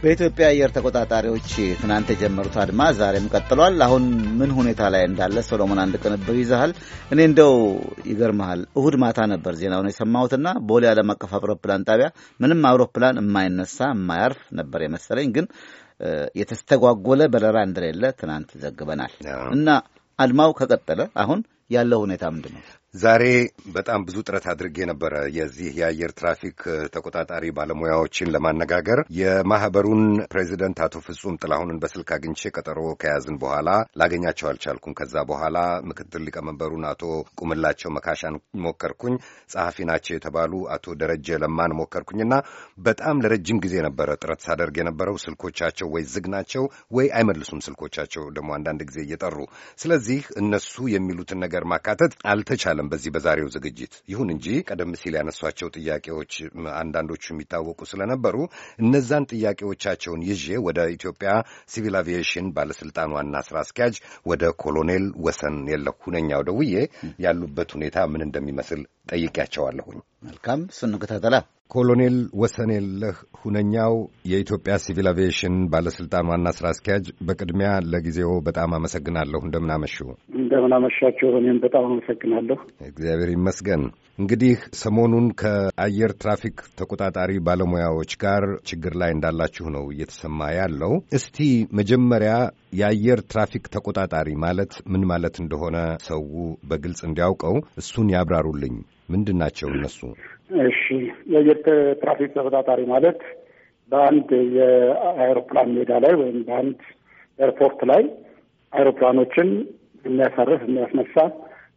በኢትዮጵያ አየር ተቆጣጣሪዎች ትናንት የጀመሩት አድማ ዛሬም ቀጥሏል። አሁን ምን ሁኔታ ላይ እንዳለ ሶሎሞን አንድ ቅንብር ይዘሃል። እኔ እንደው ይገርመሃል፣ እሁድ ማታ ነበር ዜናውን የሰማሁትና ቦሌ ዓለም አቀፍ አውሮፕላን ጣቢያ ምንም አውሮፕላን የማይነሳ የማያርፍ ነበር የመሰለኝ፣ ግን የተስተጓጎለ በረራ እንደሌለ ትናንት ዘግበናል እና አድማው ከቀጠለ አሁን ያለው ሁኔታ ምንድን ነው? ዛሬ በጣም ብዙ ጥረት አድርጌ ነበረ የዚህ የአየር ትራፊክ ተቆጣጣሪ ባለሙያዎችን ለማነጋገር የማህበሩን ፕሬዚደንት አቶ ፍጹም ጥላሁንን በስልክ አግኝቼ ቀጠሮ ከያዝን በኋላ ላገኛቸው አልቻልኩም። ከዛ በኋላ ምክትል ሊቀመንበሩን አቶ ቁምላቸው መካሻን ሞከርኩኝ። ጸሐፊ ናቸው የተባሉ አቶ ደረጀ ለማን ሞከርኩኝና በጣም ለረጅም ጊዜ ነበረ ጥረት ሳደርግ የነበረው። ስልኮቻቸው ወይ ዝግ ናቸው ወይ አይመልሱም። ስልኮቻቸው ደግሞ አንዳንድ ጊዜ እየጠሩ ስለዚህ እነሱ የሚሉትን ነገር ነገር ማካተት አልተቻለም በዚህ በዛሬው ዝግጅት። ይሁን እንጂ ቀደም ሲል ያነሷቸው ጥያቄዎች አንዳንዶቹ የሚታወቁ ስለነበሩ እነዛን ጥያቄዎቻቸውን ይዤ ወደ ኢትዮጵያ ሲቪል አቪዬሽን ባለስልጣን ዋና ስራ አስኪያጅ ወደ ኮሎኔል ወሰን የለሁ ደውዬ ያሉበት ሁኔታ ምን እንደሚመስል ጠይቄያቸዋለሁኝ። መልካም እሱን ከታተላ ኮሎኔል ወሰኔለህ ሁነኛው የኢትዮጵያ ሲቪል አቪዬሽን ባለስልጣን ዋና ስራ አስኪያጅ፣ በቅድሚያ ለጊዜው በጣም አመሰግናለሁ። እንደምናመሹ እንደምናመሻቸው። እኔም በጣም አመሰግናለሁ። እግዚአብሔር ይመስገን። እንግዲህ ሰሞኑን ከአየር ትራፊክ ተቆጣጣሪ ባለሙያዎች ጋር ችግር ላይ እንዳላችሁ ነው እየተሰማ ያለው። እስቲ መጀመሪያ የአየር ትራፊክ ተቆጣጣሪ ማለት ምን ማለት እንደሆነ ሰው በግልጽ እንዲያውቀው እሱን ያብራሩልኝ። ምንድን ናቸው እነሱ? እሺ፣ የአየር ትራፊክ ተቆጣጣሪ ማለት በአንድ የአይሮፕላን ሜዳ ላይ ወይም በአንድ ኤርፖርት ላይ አይሮፕላኖችን የሚያሳርፍ የሚያስነሳ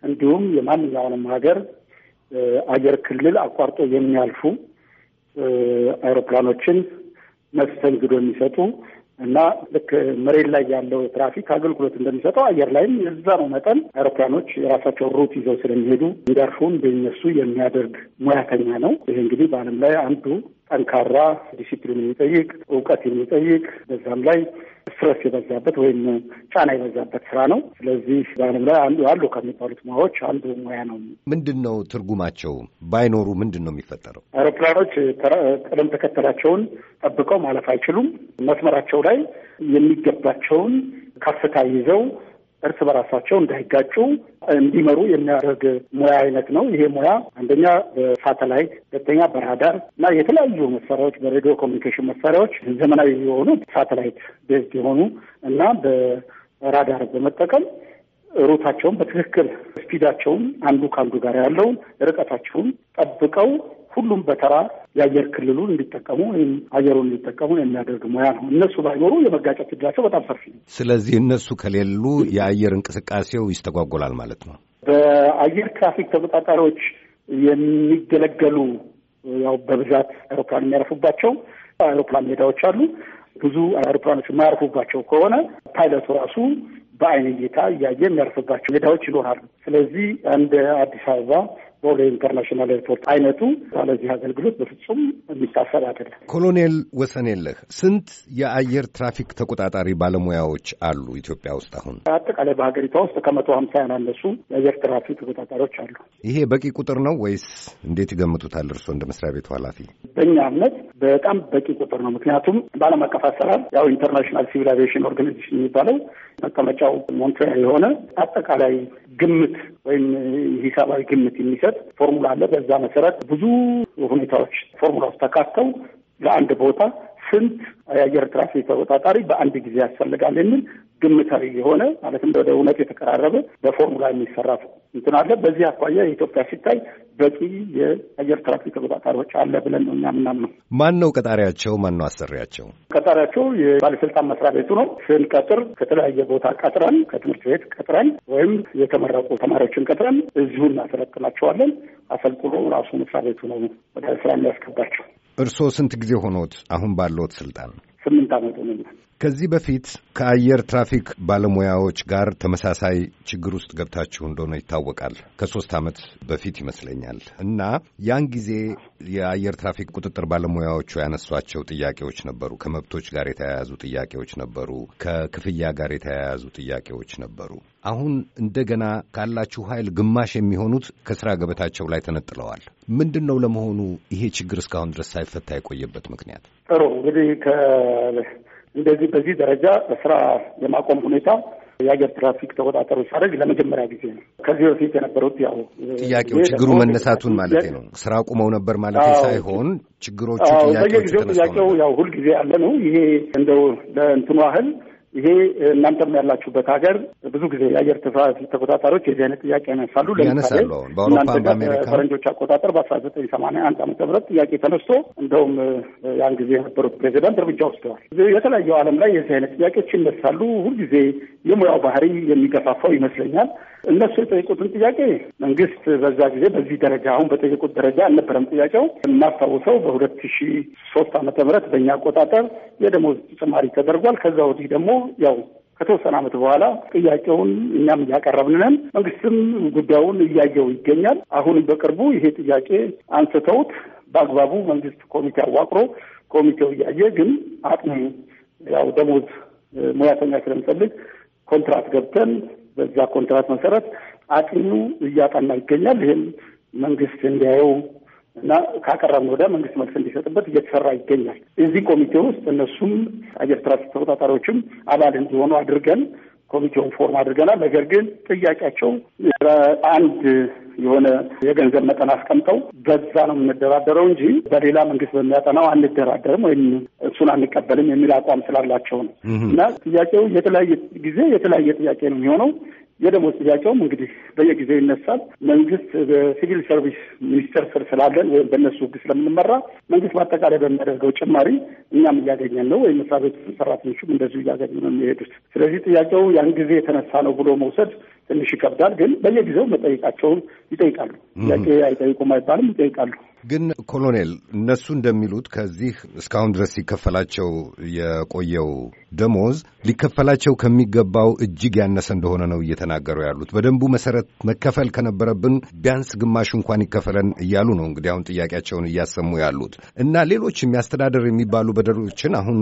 እንዲሁም የማንኛውንም ሀገር አየር ክልል አቋርጦ የሚያልፉ አውሮፕላኖችን መስተንግዶ የሚሰጡ እና ልክ መሬት ላይ ያለው ትራፊክ አገልግሎት እንደሚሰጠው አየር ላይም የዛ ነው መጠን አይሮፕላኖች የራሳቸውን ሩት ይዘው ስለሚሄዱ እንዲያርፉ እንደሚነሱ የሚያደርግ ሙያተኛ ነው። ይሄ እንግዲህ በዓለም ላይ አንዱ ጠንካራ ዲሲፕሊን የሚጠይቅ እውቀት የሚጠይቅ በዛም ላይ ስትረስ የበዛበት ወይም ጫና የበዛበት ስራ ነው። ስለዚህ በዓለም ላይ አንዱ አሉ ከሚባሉት ሙያዎች አንዱ ሙያ ነው። ምንድን ነው ትርጉማቸው? ባይኖሩ ምንድን ነው የሚፈጠረው? አውሮፕላኖች ቅደም ተከተላቸውን ጠብቀው ማለፍ አይችሉም። መስመራቸው ላይ የሚገባቸውን ከፍታ ይዘው እርስ በራሳቸው እንዳይጋጩ እንዲመሩ የሚያደርግ ሙያ አይነት ነው። ይሄ ሙያ አንደኛ በሳተላይት ሁለተኛ በራዳር እና የተለያዩ መሳሪያዎች በሬዲዮ ኮሚኒኬሽን መሳሪያዎች ዘመናዊ የሆኑ ሳተላይት ቤዝድ የሆኑ እና በራዳር በመጠቀም ሩታቸውን በትክክል ስፒዳቸውን አንዱ ከአንዱ ጋር ያለውን ርቀታቸውን ጠብቀው ሁሉም በተራ የአየር ክልሉን እንዲጠቀሙ ወይም አየሩን እንዲጠቀሙ የሚያደርግ ሙያ ነው። እነሱ ባይኖሩ የመጋጨት እድላቸው በጣም ሰፊ ነው። ስለዚህ እነሱ ከሌሉ የአየር እንቅስቃሴው ይስተጓጎላል ማለት ነው። በአየር ትራፊክ ተቆጣጣሪዎች የሚገለገሉ ያው በብዛት አውሮፕላን የሚያረፉባቸው አውሮፕላን ሜዳዎች አሉ። ብዙ አውሮፕላኖች የማያርፉባቸው ከሆነ ፓይለቱ ራሱ በአይን እይታ እያየ የሚያርፍባቸው ሜዳዎች ይኖራሉ። ስለዚህ እንደ አዲስ አበባ ቦሌ ኢንተርናሽናል ኤርፖርት አይነቱ ለዚህ አገልግሎት በፍጹም የሚታሰብ አይደለም። ኮሎኔል ወሰን የለህ ስንት የአየር ትራፊክ ተቆጣጣሪ ባለሙያዎች አሉ ኢትዮጵያ ውስጥ አሁን? አጠቃላይ በሀገሪቷ ውስጥ ከመቶ ሀምሳ ያናነሱ የአየር ትራፊክ ተቆጣጣሪዎች አሉ። ይሄ በቂ ቁጥር ነው ወይስ እንዴት ይገምቱታል እርስዎ እንደ መስሪያ ቤቱ ኃላፊ? በእኛ እምነት በጣም በቂ ቁጥር ነው። ምክንያቱም በዓለም አቀፍ አሰራር ያው ኢንተርናሽናል ሲቪል አቪዬሽን ኦርጋናይዜሽን የሚባለው መቀመጫው ሞንትሪያል የሆነ አጠቃላይ ግምት ወይም ሂሳባዊ ግምት የሚሰ የሚሰጥ ፎርሙላ አለ። በዛ መሰረት ብዙ ሁኔታዎች ፎርሙላ ውስጥ ተካተው ለአንድ ቦታ ስንት የአየር ትራፊክ ተቆጣጣሪ በአንድ ጊዜ ያስፈልጋል የሚል ግምታዊ የሆነ ማለትም ወደ እውነት የተቀራረበ በፎርሙላ የሚሰራ እንትን አለ። በዚህ አኳያ የኢትዮጵያ ሲታይ በቂ የአየር ትራፊክ ተቆጣጣሪዎች አለ ብለን ነው እኛ ምናምነው። ማን ነው ቀጣሪያቸው? ማን ነው አሰሪያቸው? ቀጣሪያቸው የባለስልጣን መስሪያ ቤቱ ነው። ስንቀጥር ከተለያየ ቦታ ቀጥረን፣ ከትምህርት ቤት ቀጥረን ወይም የተመረቁ ተማሪዎችን ቀጥረን እዚሁ እናሰለጥናቸዋለን። አሰልጥኖ ራሱ መስሪያ ቤቱ ነው ወደ ስራ የሚያስገባቸው። እርስዎ ስንት ጊዜ ሆኖት አሁን ባለዎት ስልጣን? ስምንት ዓመት ሆኖኛል። ከዚህ በፊት ከአየር ትራፊክ ባለሙያዎች ጋር ተመሳሳይ ችግር ውስጥ ገብታችሁ እንደሆነ ይታወቃል። ከሶስት ዓመት በፊት ይመስለኛል እና ያን ጊዜ የአየር ትራፊክ ቁጥጥር ባለሙያዎቹ ያነሷቸው ጥያቄዎች ነበሩ። ከመብቶች ጋር የተያያዙ ጥያቄዎች ነበሩ። ከክፍያ ጋር የተያያዙ ጥያቄዎች ነበሩ። አሁን እንደገና ካላችሁ ኃይል ግማሽ የሚሆኑት ከሥራ ገበታቸው ላይ ተነጥለዋል። ምንድን ነው ለመሆኑ ይሄ ችግር እስካሁን ድረስ ሳይፈታ የቆየበት ምክንያት? ጥሩ እንግዲህ እንደዚህ በዚህ ደረጃ ስራ የማቆም ሁኔታ የአየር ትራፊክ ተቆጣጠሩ ሳደግ ለመጀመሪያ ጊዜ ነው። ከዚህ በፊት የነበሩት ያው ጥያቄው ችግሩ መነሳቱን ማለት ነው። ስራ አቁመው ነበር ማለት ሳይሆን ችግሮቹ ጥያቄው ያው ሁልጊዜ ያለ ነው። ይሄ እንደው ለእንትኑ ያህል ይሄ እናንተም ያላችሁበት ሀገር ብዙ ጊዜ የአየር ተቆጣጣሪዎች የዚህ አይነት ጥያቄ ያነሳሉ። ለምሳሌ ፈረንጆች አቆጣጠር በአስራ ዘጠኝ ሰማንያ አንድ ዓመተ ምህረት ጥያቄ ተነስቶ እንደውም ያን ጊዜ የነበሩት ፕሬዚዳንት እርምጃ ወስደዋል። የተለያዩ ዓለም ላይ የዚህ አይነት ጥያቄዎች ይነሳሉ። ሁልጊዜ የሙያው ባህሪ የሚገፋፋው ይመስለኛል። እነሱ የጠየቁትን ጥያቄ መንግስት በዛ ጊዜ በዚህ ደረጃ አሁን በጠየቁት ደረጃ አልነበረም። ጥያቄው የማስታውሰው በሁለት ሺ ሶስት ዓመተ ምህረት በእኛ አቆጣጠር የደሞዝ ተጨማሪ ተደርጓል። ከዛ ወዲህ ደግሞ ያው ከተወሰነ ዓመት በኋላ ጥያቄውን እኛም እያቀረብንነን መንግስትም ጉዳዩን እያየው ይገኛል። አሁንም በቅርቡ ይሄ ጥያቄ አንስተውት በአግባቡ መንግስት ኮሚቴ አዋቅሮ ኮሚቴው እያየ ግን አጥኚ ያው ደሞዝ ሙያተኛ ስለሚፈልግ ኮንትራት ገብተን በዛ ኮንትራት መሰረት አጥኙ እያጠና ይገኛል። ይህም መንግስት እንዲያየው እና ካቀረም ወዲያ መንግስት መልስ እንዲሰጥበት እየተሰራ ይገኛል። እዚህ ኮሚቴ ውስጥ እነሱም አየር ትራፊክ ተቆጣጣሪዎችም አባል እንዲሆኑ አድርገን ኮሚቴውን ፎርም አድርገናል። ነገር ግን ጥያቄያቸው አንድ የሆነ የገንዘብ መጠን አስቀምጠው በዛ ነው የምንደራደረው እንጂ በሌላ መንግስት በሚያጠናው አንደራደርም ወይም እሱን አንቀበልም የሚል አቋም ስላላቸው ነው እና ጥያቄው የተለያየ ጊዜ የተለያየ ጥያቄ ነው የሚሆነው። የደሞዝ ጥያቄውም እንግዲህ በየጊዜው ይነሳል። መንግስት በሲቪል ሰርቪስ ሚኒስቴር ስር ስላለን ወይም በእነሱ ህግ ስለምንመራ መንግስት በአጠቃላይ በሚያደርገው ጭማሪ እኛም እያገኘን ነው፣ ወይም መስሪያ ቤት ሰራተኞችም እንደዚሁ እያገኙ ነው የሚሄዱት። ስለዚህ ጥያቄው ያን ጊዜ የተነሳ ነው ብሎ መውሰድ ትንሽ ይከብዳል። ግን በየጊዜው መጠይቃቸውን ይጠይቃሉ። ጥያቄ አይጠይቁም አይባልም፣ ይጠይቃሉ። ግን ኮሎኔል፣ እነሱ እንደሚሉት ከዚህ እስካሁን ድረስ ሲከፈላቸው የቆየው ደሞዝ ሊከፈላቸው ከሚገባው እጅግ ያነሰ እንደሆነ ነው እየተናገሩ ያሉት። በደንቡ መሰረት መከፈል ከነበረብን ቢያንስ ግማሽ እንኳን ይከፈለን እያሉ ነው እንግዲህ አሁን ጥያቄያቸውን እያሰሙ ያሉት እና ሌሎች የሚያስተዳደር የሚባሉ በደሎችን አሁን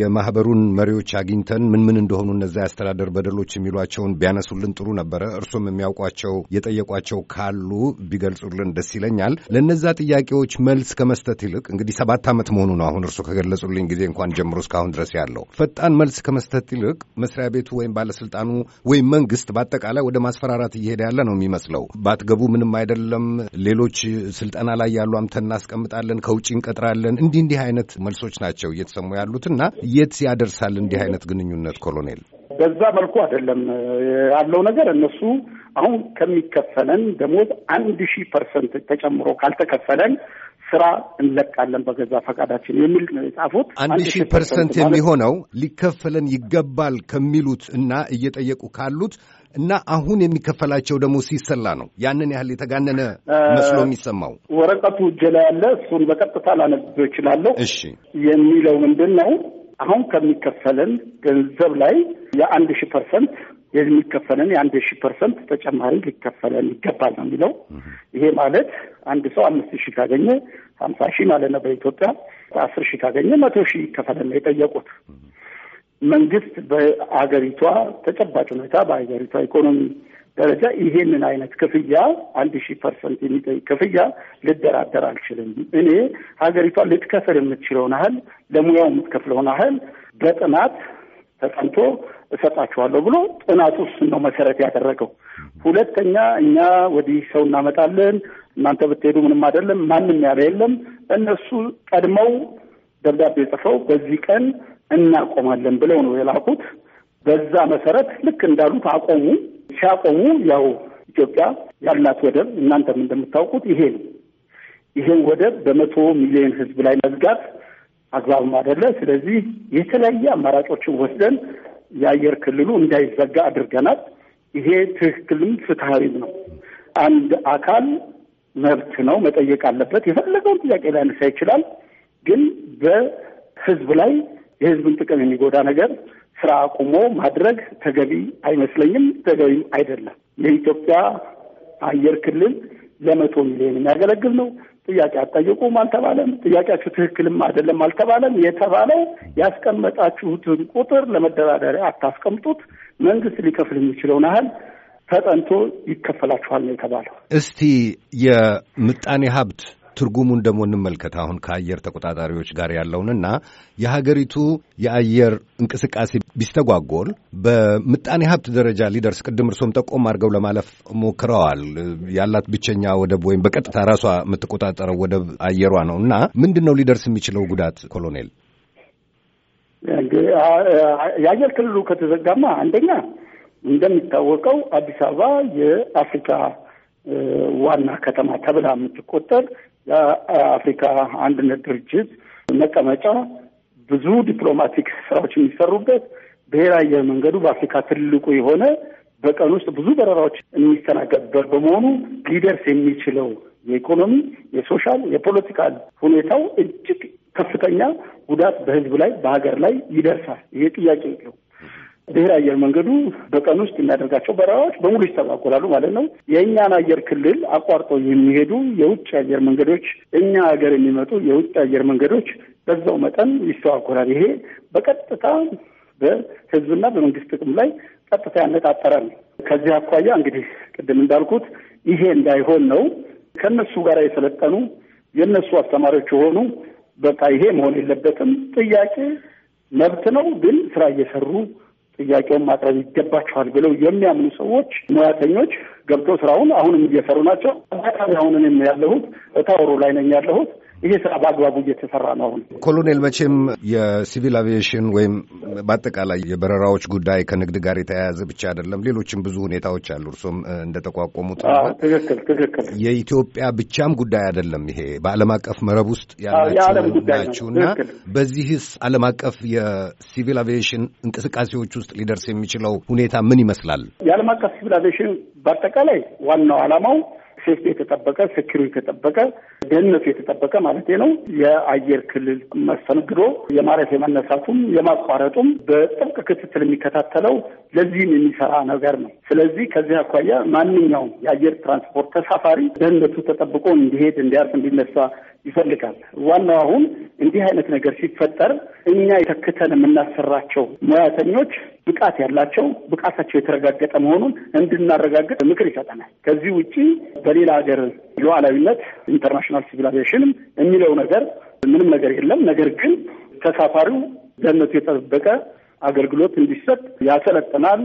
የማህበሩን መሪዎች አግኝተን ምን ምን እንደሆኑ እነዚ ያስተዳደር በደሎች የሚሏቸውን ቢያነሱልን ጥሩ ነበረ። እርሱም የሚያውቋቸው የጠየቋቸው ካሉ ቢገልጹልን ደስ ይለኛል ለእነዚ ለእነዛ ጥያቄዎች መልስ ከመስጠት ይልቅ እንግዲህ ሰባት ዓመት መሆኑ ነው አሁን እርሱ ከገለጹልኝ ጊዜ እንኳን ጀምሮ እስካሁን ድረስ ያለው ፈጣን መልስ ከመስጠት ይልቅ መስሪያ ቤቱ ወይም ባለስልጣኑ ወይም መንግስት በአጠቃላይ ወደ ማስፈራራት እየሄደ ያለ ነው የሚመስለው። ባትገቡ ምንም አይደለም፣ ሌሎች ስልጠና ላይ ያሉ አምተ እናስቀምጣለን፣ ከውጭ እንቀጥራለን፣ እንዲህ እንዲህ አይነት መልሶች ናቸው እየተሰሙ ያሉትና የት ያደርሳል እንዲህ አይነት ግንኙነት ኮሎኔል? በዛ መልኩ አይደለም ያለው ነገር። እነሱ አሁን ከሚከፈለን ደሞዝ አንድ ሺህ ፐርሰንት ተጨምሮ ካልተከፈለን ስራ እንለቃለን በገዛ ፈቃዳችን የሚል የጻፉት አንድ ሺህ ፐርሰንት የሚሆነው ሊከፈለን ይገባል ከሚሉት እና እየጠየቁ ካሉት እና አሁን የሚከፈላቸው ደግሞ ሲሰላ ነው። ያንን ያህል የተጋነነ መስሎ የሚሰማው ወረቀቱ እጄ ላይ ያለ እሱን በቀጥታ ላነብ እችላለሁ። እሺ የሚለው ምንድን ነው? አሁን ከሚከፈልን ገንዘብ ላይ የአንድ ሺህ ፐርሰንት የሚከፈለን የአንድ ሺህ ፐርሰንት ተጨማሪ ሊከፈለን ይገባል ነው የሚለው። ይሄ ማለት አንድ ሰው አምስት ሺህ ካገኘ ሀምሳ ሺህ ማለት ነው በኢትዮጵያ። አስር ሺህ ካገኘ መቶ ሺህ ይከፈለን ነው የጠየቁት። መንግስት በአገሪቷ ተጨባጭ ሁኔታ በአገሪቷ ኢኮኖሚ ደረጃ ይሄንን አይነት ክፍያ አንድ ሺህ ፐርሰንት የሚጠይቅ ክፍያ ልደራደር አልችልም። እኔ ሀገሪቷ ልትከፍል የምትችለውን ያህል ለሙያው የምትከፍለውን ያህል በጥናት ተጠንቶ እሰጣችኋለሁ ብሎ ጥናቱ እሱን ነው መሰረት ያደረገው። ሁለተኛ እኛ ወዲህ ሰው እናመጣለን፣ እናንተ ብትሄዱ ምንም አይደለም፣ ማንም ያለ የለም። እነሱ ቀድመው ደብዳቤ ጽፈው በዚህ ቀን እናቆማለን ብለው ነው የላኩት። በዛ መሰረት ልክ እንዳሉት አቆሙ። ሲያቆሙ ያው ኢትዮጵያ ያላት ወደብ እናንተም እንደምታውቁት ይሄ ነው። ይሄን ወደብ በመቶ ሚሊዮን ህዝብ ላይ መዝጋት አግባብም አይደለ። ስለዚህ የተለያየ አማራጮችን ወስደን የአየር ክልሉ እንዳይዘጋ አድርገናል። ይሄ ትክክልም ፍትሐዊም ነው። አንድ አካል መብት ነው መጠየቅ አለበት። የፈለገውን ጥያቄ ሊያነሳ ይችላል። ግን በህዝብ ላይ የህዝብን ጥቅም የሚጎዳ ነገር ስራ አቁሞ ማድረግ ተገቢ አይመስለኝም፣ ተገቢም አይደለም። የኢትዮጵያ አየር ክልል ለመቶ ሚሊዮን የሚያገለግል ነው። ጥያቄ አትጠይቁም አልተባለም። ጥያቄያችሁ ትክክልም አይደለም አልተባለም። የተባለው ያስቀመጣችሁትን ቁጥር ለመደራደሪያ አታስቀምጡት፣ መንግስት ሊከፍል የሚችለውን ያህል ተጠንቶ ይከፈላችኋል ነው የተባለው። እስቲ የምጣኔ ሀብት ትርጉሙን ደግሞ እንመልከት። አሁን ከአየር ተቆጣጣሪዎች ጋር ያለውንና የሀገሪቱ የአየር እንቅስቃሴ ቢስተጓጎል በምጣኔ ሀብት ደረጃ ሊደርስ ቅድም እርሶም ጠቆም አድርገው ለማለፍ ሞክረዋል። ያላት ብቸኛ ወደብ ወይም በቀጥታ ራሷ የምትቆጣጠረው ወደብ አየሯ ነው እና ምንድን ነው ሊደርስ የሚችለው ጉዳት ኮሎኔል? የአየር ክልሉ ከተዘጋማ አንደኛ እንደሚታወቀው አዲስ አበባ የአፍሪካ ዋና ከተማ ተብላ የምትቆጠር የአፍሪካ አንድነት ድርጅት መቀመጫ ብዙ ዲፕሎማቲክ ስራዎች የሚሰሩበት ብሔራዊ አየር መንገዱ በአፍሪካ ትልቁ የሆነ በቀን ውስጥ ብዙ በረራዎች የሚስተናገድበት በመሆኑ ሊደርስ የሚችለው የኢኮኖሚ፣ የሶሻል፣ የፖለቲካል ሁኔታው እጅግ ከፍተኛ ጉዳት በህዝብ ላይ በሀገር ላይ ይደርሳል። ይሄ ጥያቄ ነው። ብሔር አየር መንገዱ በቀን ውስጥ የሚያደርጋቸው በረራዎች በሙሉ ይስተጓጎላሉ ማለት ነው። የእኛን አየር ክልል አቋርጦ የሚሄዱ የውጭ አየር መንገዶች፣ እኛ ሀገር የሚመጡ የውጭ አየር መንገዶች በዛው መጠን ይስተጓጎላል። ይሄ በቀጥታ በህዝብና በመንግስት ጥቅም ላይ ቀጥታ ያነጣጠረ ነው። ከዚህ አኳያ እንግዲህ ቅድም እንዳልኩት ይሄ እንዳይሆን ነው ከእነሱ ጋር የሰለጠኑ የእነሱ አስተማሪዎች የሆኑ በቃ ይሄ መሆን የለበትም ጥያቄ መብት ነው፣ ግን ስራ እየሰሩ ጥያቄውን ማቅረብ ይገባቸዋል ብለው የሚያምኑ ሰዎች፣ ሙያተኞች ገብቶ ስራውን አሁንም እየሰሩ ናቸው። አሁንም ያለሁት እታወሩ ላይ ነኝ ያለሁት ይሄ ስራ በአግባቡ እየተሰራ ነው። አሁን ኮሎኔል፣ መቼም የሲቪል አቪዬሽን ወይም በአጠቃላይ የበረራዎች ጉዳይ ከንግድ ጋር የተያያዘ ብቻ አይደለም። ሌሎችም ብዙ ሁኔታዎች አሉ። እርሶም እንደተቋቋሙት ትክክል ትክክል። የኢትዮጵያ ብቻም ጉዳይ አይደለም። ይሄ በዓለም አቀፍ መረብ ውስጥ ያላችሁ በዚህስ ዓለም አቀፍ የሲቪል አቪዬሽን እንቅስቃሴዎች ውስጥ ሊደርስ የሚችለው ሁኔታ ምን ይመስላል? የዓለም አቀፍ ሲቪል አቪዬሽን በአጠቃላይ ዋናው ዓላማው ሴፍቲ የተጠበቀ ሴኪሪቲ የተጠበቀ ደህንነቱ የተጠበቀ ማለት ነው የአየር ክልል መስተንግዶ የማረፍ የመነሳቱም የማቋረጡም በጥብቅ ክትትል የሚከታተለው ለዚህም የሚሰራ ነገር ነው። ስለዚህ ከዚህ አኳያ ማንኛውም የአየር ትራንስፖርት ተሳፋሪ ደህንነቱ ተጠብቆ እንዲሄድ፣ እንዲያርፍ፣ እንዲነሳ ይፈልጋል። ዋናው አሁን እንዲህ አይነት ነገር ሲፈጠር እኛ የተክተን የምናሰራቸው ሙያተኞች ብቃት ያላቸው ብቃታቸው የተረጋገጠ መሆኑን እንድናረጋግጥ ምክር ይሰጠናል። ከዚህ ውጪ በሌላ ሀገር ሉዓላዊነት ኢንተርናሽናል ሲቪላይዜሽን የሚለው ነገር ምንም ነገር የለም። ነገር ግን ተሳፋሪው ደህንነቱ የተጠበቀ አገልግሎት እንዲሰጥ ያሰለጥናል።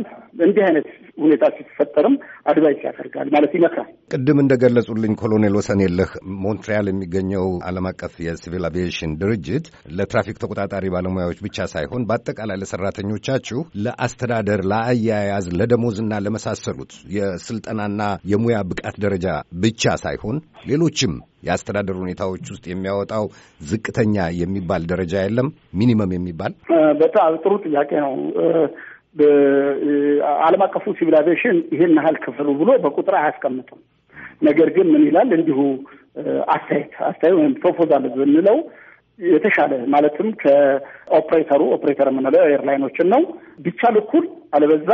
እንዲህ አይነት ሁኔታ ሲፈጠርም አድቫይስ ያደርጋል ማለት ይመክራል። ቅድም እንደገለጹልኝ ኮሎኔል የለህ ሞንትሪያል የሚገኘው ዓለም አቀፍ የሲቪል አቪዬሽን ድርጅት ለትራፊክ ተቆጣጣሪ ባለሙያዎች ብቻ ሳይሆን በአጠቃላይ ለሰራተኞቻችሁ ለአስተዳደር፣ ለአያያዝ፣ ለደሞዝና ለመሳሰሉት የስልጠናና የሙያ ብቃት ደረጃ ብቻ ሳይሆን ሌሎችም የአስተዳደር ሁኔታዎች ውስጥ የሚያወጣው ዝቅተኛ የሚባል ደረጃ የለም? ሚኒመም የሚባል በጣም ጥሩ ጥያቄ ነው። አለም አቀፉ ሲቪላይዜሽን ይሄን ያህል ክፍሉ ብሎ በቁጥር አያስቀምጥም። ነገር ግን ምን ይላል? እንዲሁ አስተያየት አስተያየት ወይም ፕሮፖዛል ብንለው የተሻለ ማለትም ከኦፕሬተሩ ኦፕሬተር የምንለው ኤርላይኖችን ነው ቢቻል እኩል አለበዛ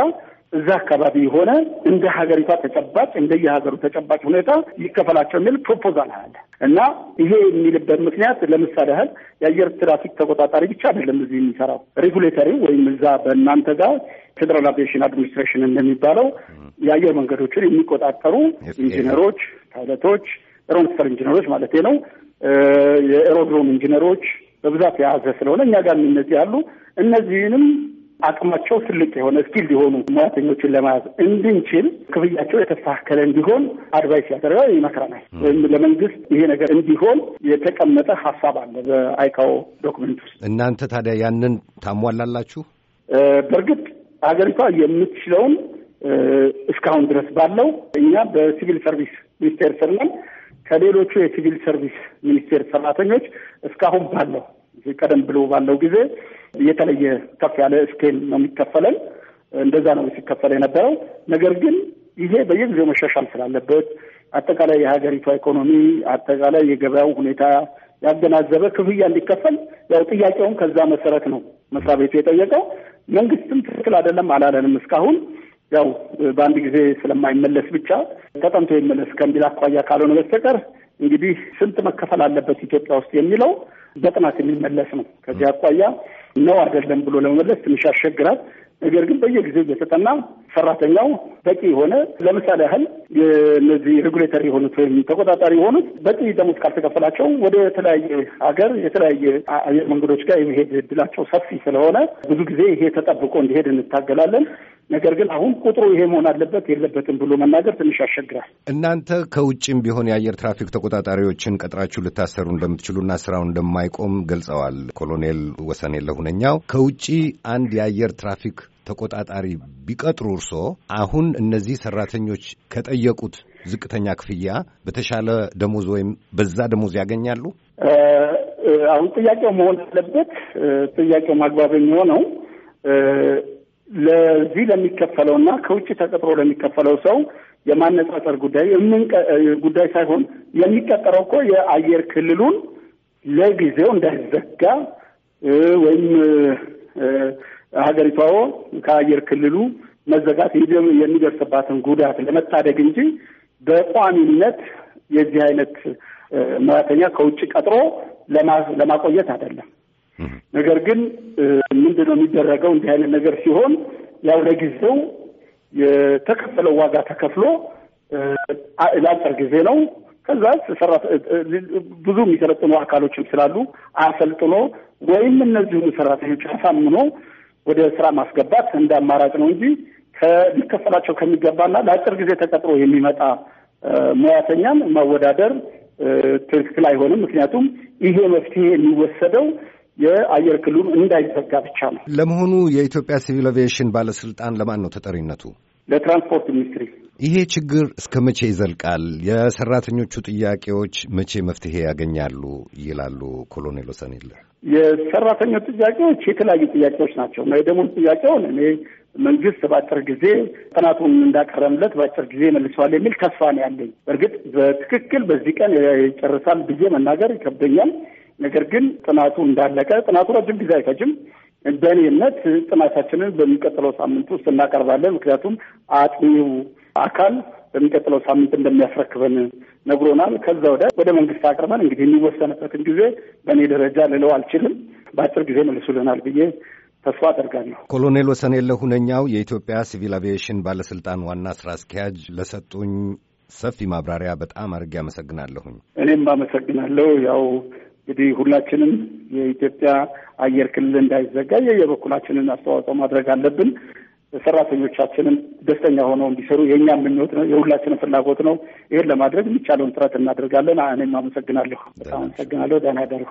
እዛ አካባቢ የሆነ እንደ ሀገሪቷ ተጨባጭ እንደ የሀገሩ ተጨባጭ ሁኔታ ይከፈላቸው የሚል ፕሮፖዛል አለ እና ይሄ የሚልበት ምክንያት ለምሳሌ ያህል የአየር ትራፊክ ተቆጣጣሪ ብቻ አይደለም እዚህ የሚሰራው ሬጉሌተሪ ወይም እዛ በእናንተ ጋር ፌደራል አቪዬሽን አድሚኒስትሬሽን እንደሚባለው የአየር መንገዶችን የሚቆጣጠሩ ኢንጂነሮች፣ ፓይለቶች፣ ኤሮንስተር ኢንጂነሮች ማለት ነው የኤሮድሮም ኢንጂነሮች በብዛት የያዘ ስለሆነ እኛ ጋር እነዚህ አሉ። እነዚህንም አቅማቸው ትልቅ የሆነ ስኪል ሊሆኑ ሙያተኞችን ለመያዝ እንድንችል ክፍያቸው የተስተካከለ እንዲሆን አድቫይስ ያቀርባል፣ ይመክረናል። ወይም ለመንግስት ይሄ ነገር እንዲሆን የተቀመጠ ሀሳብ አለ በአይካኦ ዶክመንት ውስጥ። እናንተ ታዲያ ያንን ታሟላላችሁ? በእርግጥ ሀገሪቷ የምትችለውን እስካሁን ድረስ ባለው እኛ በሲቪል ሰርቪስ ሚኒስቴር ስር ነን። ከሌሎቹ የሲቪል ሰርቪስ ሚኒስቴር ሰራተኞች እስካሁን ባለው ቀደም ብሎ ባለው ጊዜ የተለየ ከፍ ያለ ስኬል ነው የሚከፈለን። እንደዛ ነው ሲከፈል የነበረው። ነገር ግን ይሄ በየጊዜው መሻሻል ስላለበት አጠቃላይ የሀገሪቷ ኢኮኖሚ፣ አጠቃላይ የገበያው ሁኔታ ያገናዘበ ክፍያ እንዲከፈል ያው ጥያቄውም ከዛ መሰረት ነው መስሪያ ቤቱ የጠየቀው። መንግስትም ትክክል አይደለም አላለንም እስካሁን ያው በአንድ ጊዜ ስለማይመለስ ብቻ ተጠምቶ ይመለስ ከሚል አኳያ ካልሆነ በስተቀር እንግዲህ ስንት መከፈል አለበት ኢትዮጵያ ውስጥ የሚለው በጥናት የሚመለስ ነው። ከዚህ አኳያ ነው አይደለም ብሎ ለመመለስ ትንሽ ያስቸግራል። ነገር ግን በየጊዜው እየተጠና ሰራተኛው በቂ የሆነ ለምሳሌ ያህል እነዚህ ሬጉሌተር የሆኑት ወይም ተቆጣጣሪ የሆኑት በቂ ደሞዝ ካልተከፈላቸው ወደ የተለያየ ሀገር የተለያየ አየር መንገዶች ጋር የመሄድ እድላቸው ሰፊ ስለሆነ ብዙ ጊዜ ይሄ ተጠብቆ እንዲሄድ እንታገላለን። ነገር ግን አሁን ቁጥሩ ይሄ መሆን አለበት የለበትም ብሎ መናገር ትንሽ ያስቸግራል። እናንተ ከውጭም ቢሆን የአየር ትራፊክ ተቆጣጣሪዎችን ቀጥራችሁ ልታሰሩ እንደምትችሉና ስራውን እንደማይቆም ገልጸዋል ኮሎኔል ወሰኔ ለሁነኛው ከውጭ አንድ የአየር ትራፊክ ተቆጣጣሪ ቢቀጥሩ እርሶ አሁን እነዚህ ሰራተኞች ከጠየቁት ዝቅተኛ ክፍያ በተሻለ ደሞዝ ወይም በዛ ደሞዝ ያገኛሉ? አሁን ጥያቄው መሆን አለበት። ጥያቄው ማግባብ የሚሆነው ለዚህ ለሚከፈለው እና ከውጭ ተቀጥሮ ለሚከፈለው ሰው የማነጻጸር ጉዳይ ጉዳይ ሳይሆን የሚቀጠረው እኮ የአየር ክልሉን ለጊዜው እንዳይዘጋ ወይም ሀገሪቷ ከአየር ክልሉ መዘጋት የሚደርስባትን ጉዳት ለመታደግ እንጂ በቋሚነት የዚህ አይነት ሙያተኛ ከውጭ ቀጥሮ ለማቆየት አይደለም። ነገር ግን ምንድን ነው የሚደረገው? እንዲህ አይነት ነገር ሲሆን ያው ለጊዜው የተከፈለው ዋጋ ተከፍሎ ለአጭር ጊዜ ነው። ከዛ ብዙ የሚሰለጥኑ አካሎችም ስላሉ አሰልጥኖ ወይም እነዚሁን ሰራተኞች አሳምኖ ወደ ስራ ማስገባት እንደ አማራጭ ነው እንጂ ከሚከፈላቸው ከሚገባና ለአጭር ጊዜ ተቀጥሮ የሚመጣ ሙያተኛን ማወዳደር ትክክል አይሆንም። ምክንያቱም ይሄ መፍትሄ የሚወሰደው የአየር ክልሉ እንዳይዘጋ ብቻ ነው። ለመሆኑ የኢትዮጵያ ሲቪል አቪዬሽን ባለስልጣን ለማን ነው ተጠሪነቱ? ለትራንስፖርት ሚኒስትሪ። ይሄ ችግር እስከ መቼ ይዘልቃል? የሰራተኞቹ ጥያቄዎች መቼ መፍትሄ ያገኛሉ ይላሉ ኮሎኔል ወሰኔለ። የሰራተኞች ጥያቄዎች የተለያዩ ጥያቄዎች ናቸው እና የደሞዝ ጥያቄውን እኔ መንግስት በአጭር ጊዜ ጥናቱን እንዳቀረምለት በአጭር ጊዜ መልሰዋል የሚል ተስፋ ነው ያለኝ። በእርግጥ በትክክል በዚህ ቀን ይጨርሳል ብዬ መናገር ይከብደኛል። ነገር ግን ጥናቱ እንዳለቀ ጥናቱ ረጅም ጊዜ አይፈጅም። በእኔ እምነት ጥናታችንን በሚቀጥለው ሳምንት ውስጥ እናቀርባለን። ምክንያቱም አጥኚው አካል በሚቀጥለው ሳምንት እንደሚያስረክበን ነግሮናል። ከዛ ወደ ወደ መንግስት አቅርበን እንግዲህ የሚወሰንበትን ጊዜ በእኔ ደረጃ ልለው አልችልም። በአጭር ጊዜ መልሱልናል ብዬ ተስፋ አደርጋለሁ። ኮሎኔል ወሰንየለህ ሁነኛው የኢትዮጵያ ሲቪል አቪዬሽን ባለስልጣን ዋና ስራ አስኪያጅ ለሰጡኝ ሰፊ ማብራሪያ በጣም አድርጌ አመሰግናለሁኝ። እኔም አመሰግናለሁ ያው እንግዲህ ሁላችንም የኢትዮጵያ አየር ክልል እንዳይዘጋ የየበኩላችንን አስተዋጽኦ ማድረግ አለብን። ሰራተኞቻችንም ደስተኛ ሆነው እንዲሰሩ የእኛ የምኞት ነው፣ የሁላችንም ፍላጎት ነው። ይህን ለማድረግ የሚቻለውን ጥረት እናደርጋለን። እኔም አመሰግናለሁ። በጣም አመሰግናለሁ። ደህና ደሩ።